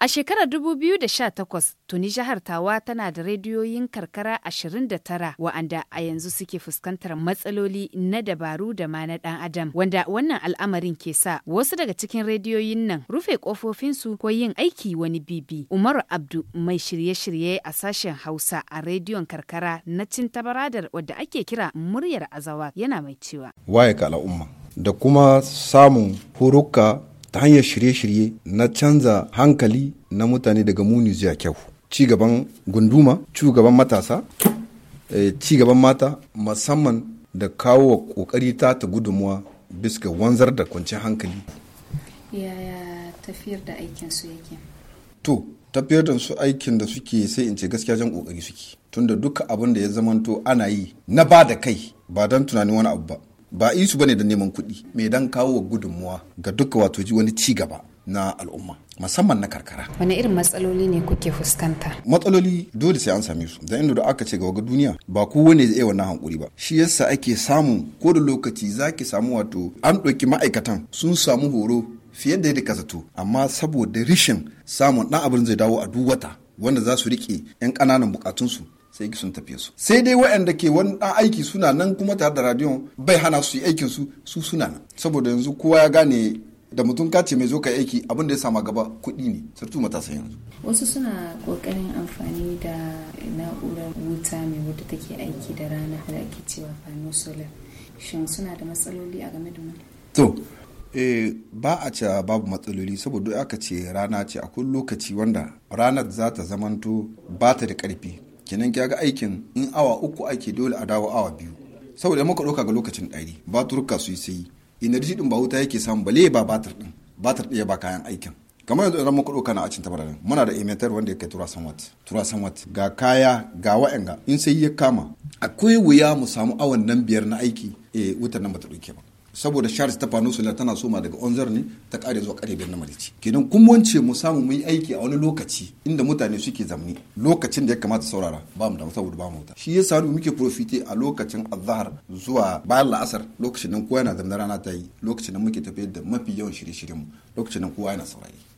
A shekarar 2018, tuni jihar Tawa tana da rediyoyin karkara 29 wa'anda a yanzu suke fuskantar matsaloli na dabaru da ma na ɗan adam, wanda wannan al'amarin ke sa wasu daga cikin rediyoyin nan rufe kofofinsu ko yin aiki wani bibi. Umaru Abdu mai shirye-shirye a sashen Hausa a rediyon karkara na Cintabaradar wadda ake kira muryar Azawa yana mai cewa. Waye ka al'umma da kuma samun huruka ta hanyar shirye-shirye na canza hankali na mutane daga muni zuwa kyau ci gaban gunduma ci gaban matasa eh, ci gaban mata musamman da kawo wa kokari ta ta gudunmuwa bisa wanzar da kwanciyar hankali yaya tafiyar da aikin su yake to tafiyar da su aikin da suke sai in ce gaskiya jan kokari suke tunda duka abin da ya zamanto ana yi na ba da kai ba don tunanin wani abu ba ba isu bane da neman kuɗi mai dan kawo gudunmuwa ga duka wato wani ci gaba na al'umma musamman na karkara wani irin matsaloli ne kuke fuskanta matsaloli dole sai an same su da inda da aka ce ga duniya ba kowane zai wannan hankuri ba shi yasa ake samu ko da lokaci zaki samu wato an ɗauki ma'aikatan sun samu horo fiye da yadda kasato amma saboda rishin samun ɗan abin zai dawo a duk wata wanda za su riƙe 'yan ƙananan bukatunsu sai sun tafi su sai dai waɗanda ke wani ɗan aiki suna nan kuma tare da radiyon bai hana su yi aikin su su suna nan saboda yanzu kowa ya gane da mutum kace mai zo ka aiki abin da ya sama gaba kuɗi ne sartu matasa yanzu wasu suna ƙoƙarin amfani da na'urar wuta mai wadda take aiki da rana da ake cewa fano solar shin suna da matsaloli a game da mu to eh ba a ce babu matsaloli saboda aka ce rana ce akwai lokaci wanda ranar za ta zamanto ba ta da karfi kenan kaga aikin in awa uku ake dole a dawo awa biyu saboda muka ɗauka ga lokacin ɗari turka su yi sai inarji din ba wuta yake samu bale ba batir din batir ɗaya ba kayan aikin kamar yanzu idan muka ɗauka na acin tabararin muna da emitter wanda yake tura san wat tura san wat ga kaya ga wa'anga in sai ya kama akwai wuya mu samu awan nan biyar na aiki eh wutar nan bata ɗauke ba saboda ta fano solar tana soma daga onzar ne ta kare zuwa kare biyar malici kenan kun wance mu samu mu yi aiki a wani lokaci inda mutane suke zamni lokacin da ya kamata saurara ba mu da saboda ba mu wuta shi yasa mu muke profite a lokacin azahar zuwa bayan la'asar lokacin nan kowa yana zamna rana ta yi lokacin nan muke tafiyar da mafi yawan shirye-shiryen mu lokacin nan kowa yana saurari